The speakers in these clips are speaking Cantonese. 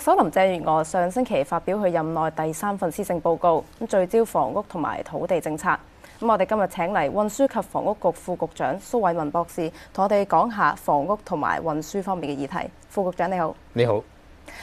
首林鄭月娥上星期發表佢任內第三份施政報告，咁聚焦房屋同埋土地政策。咁我哋今日請嚟運輸及房屋局副局長蘇偉文博士，同我哋講下房屋同埋運輸方面嘅議題。副局長你好，你好。咁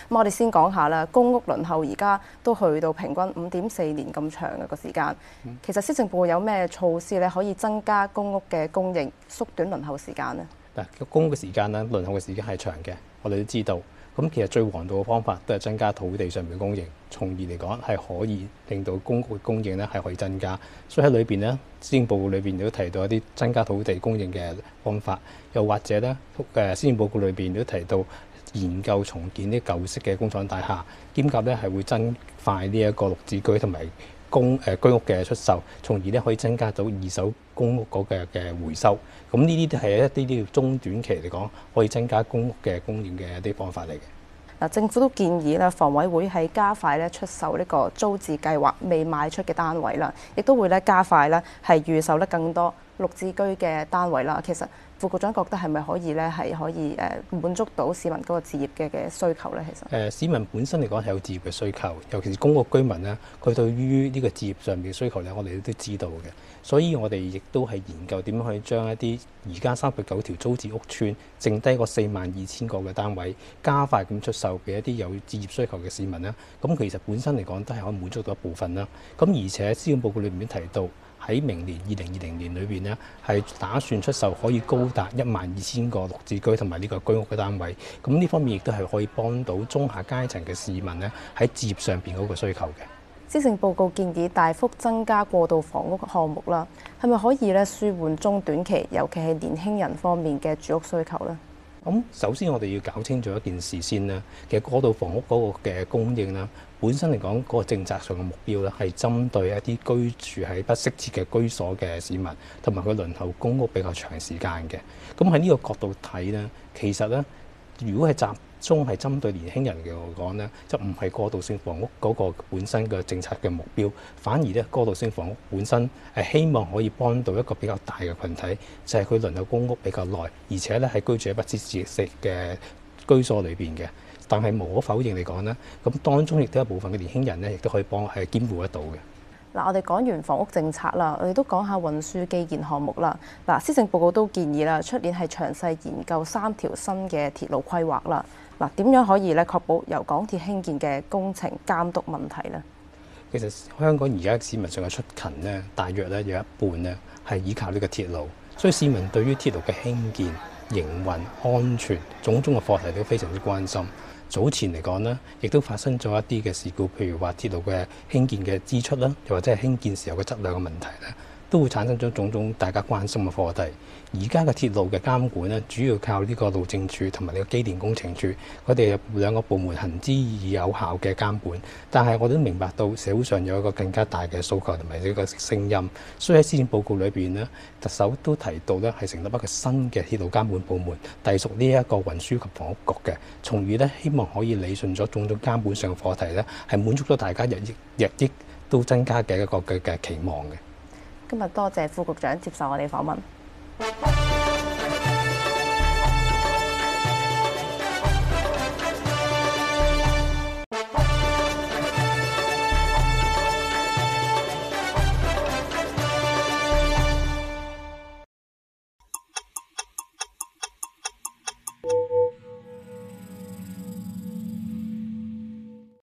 我哋先講下啦，公屋輪候而家都去到平均五點四年咁長嘅個時間。其實施政部有咩措施咧，可以增加公屋嘅供應，縮短輪候時間呢？嗱，公屋嘅時間咧，輪候嘅時間係長嘅，我哋都知道。咁其實最王道嘅方法都係增加土地上面嘅供應，從而嚟講係可以令到公共供應咧係可以增加。所以喺裏面咧，施政報告裏邊都提到一啲增加土地供應嘅方法，又或者咧，誒施政報告裏邊都提到研究重建啲舊式嘅工廠大廈，兼夾咧係會增快呢一個綠置居同埋公居屋嘅出售，從而咧可以增加到二手。公屋嗰嘅嘅回收，咁呢啲都係一啲啲中短期嚟講可以增加公屋嘅供應嘅一啲方法嚟嘅。嗱，政府都建議咧，房委會喺加快咧出售呢個租置計劃未賣出嘅單位啦，亦都會咧加快咧係預售得更多綠置居嘅單位啦。其實。副局長覺得係咪可以咧，係可以誒滿足到市民嗰個置業嘅嘅需求咧？其實誒、呃，市民本身嚟講係有置業嘅需求，尤其是公屋居民咧，佢對於呢個置業上面嘅需求咧，我哋都知道嘅。所以我哋亦都係研究點樣可以將一啲而家三百九條租置屋邨、剩低嗰四萬二千個嘅單位，加快咁出售俾一啲有置業需求嘅市民啦。咁其實本身嚟講都係可以滿足到一部分啦。咁而且施政報告裏面提到。喺明年二零二零年裏邊呢，係打算出售可以高達一萬二千個綠置居同埋呢個居屋嘅單位。咁呢方面亦都係可以幫到中下階層嘅市民呢，喺置業上邊嗰個需求嘅。施政報告建議大幅增加過渡房屋項目啦，係咪可以咧舒緩中短期，尤其係年輕人方面嘅住屋需求呢？咁首先我哋要搞清楚一件事先啦。其實過渡房屋嗰個嘅供應啦，本身嚟講嗰個政策上嘅目標啦，係針對一啲居住喺不適切嘅居所嘅市民，同埋佢輪候公屋比較長時間嘅。咁喺呢個角度睇咧，其實咧，如果係集中係針對年輕人嚟講呢，就唔係過渡性房屋嗰個本身嘅政策嘅目標，反而呢，過渡性房屋本身係希望可以幫到一個比較大嘅群體，就係佢輪候公屋比較耐，而且呢係居住喺不適切嘅居所裏邊嘅。但係無可否認嚟講呢，咁當中亦都有部分嘅年輕人呢，亦都可以幫係兼顧得到嘅。嗱，我哋講完房屋政策啦，我哋都講下運輸基建項目啦。嗱，施政報告都建議啦，出年係詳細研究三條新嘅鐵路規劃啦。嗱，點樣可以咧確保由港鐵興建嘅工程監督問題呢？其實香港而家市民上嘅出勤呢，大約咧有一半呢係依靠呢個鐵路，所以市民對於鐵路嘅興建、營運、安全，種種嘅課題都非常之關心。早前嚟講咧，亦都發生咗一啲嘅事故，譬如話鐵路嘅興建嘅支出啦，又或者係興建時候嘅質量嘅問題咧。都會產生咗種種大家關心嘅課題。而家嘅鐵路嘅監管呢，主要靠呢個路政署同埋呢個機電工程署，佢哋兩個部門行之以有效嘅監管。但係我都明白到社會上有一個更加大嘅訴求同埋呢個聲音，所以喺施政報告裏邊呢，特首都提到呢，係成立一個新嘅鐵路監管部門，隸屬呢一個運輸及房屋局嘅，從而呢，希望可以理順咗種種監管上嘅課題呢，係滿足咗大家日益日益都增加嘅一個嘅嘅期望嘅。今日多謝副局長接受我哋訪問。